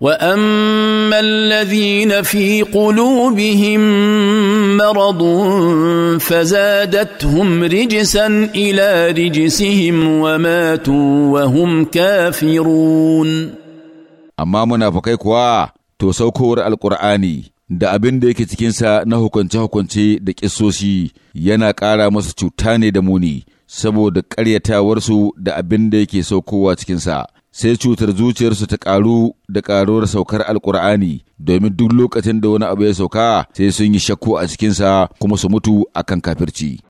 واما الذين في قلوبهم مرض فزادتهم رجسا الى رجسهم وماتوا وهم كافرون amma munafukai kuwa to saukowar alkur'ani da abin da yake cikinsa na hukunce-hukunce da ƙisoshi yana ƙara masa cuta ne da muni saboda ƙaryatawarsu da abin da yake saukowa cikinsa sai cutar zuciyarsu ta ƙaru da ƙaruwar saukar alkur'ani domin duk lokacin da wani abu ya sauka sai sun yi shakku a cikinsa kuma su mutu akan kafirci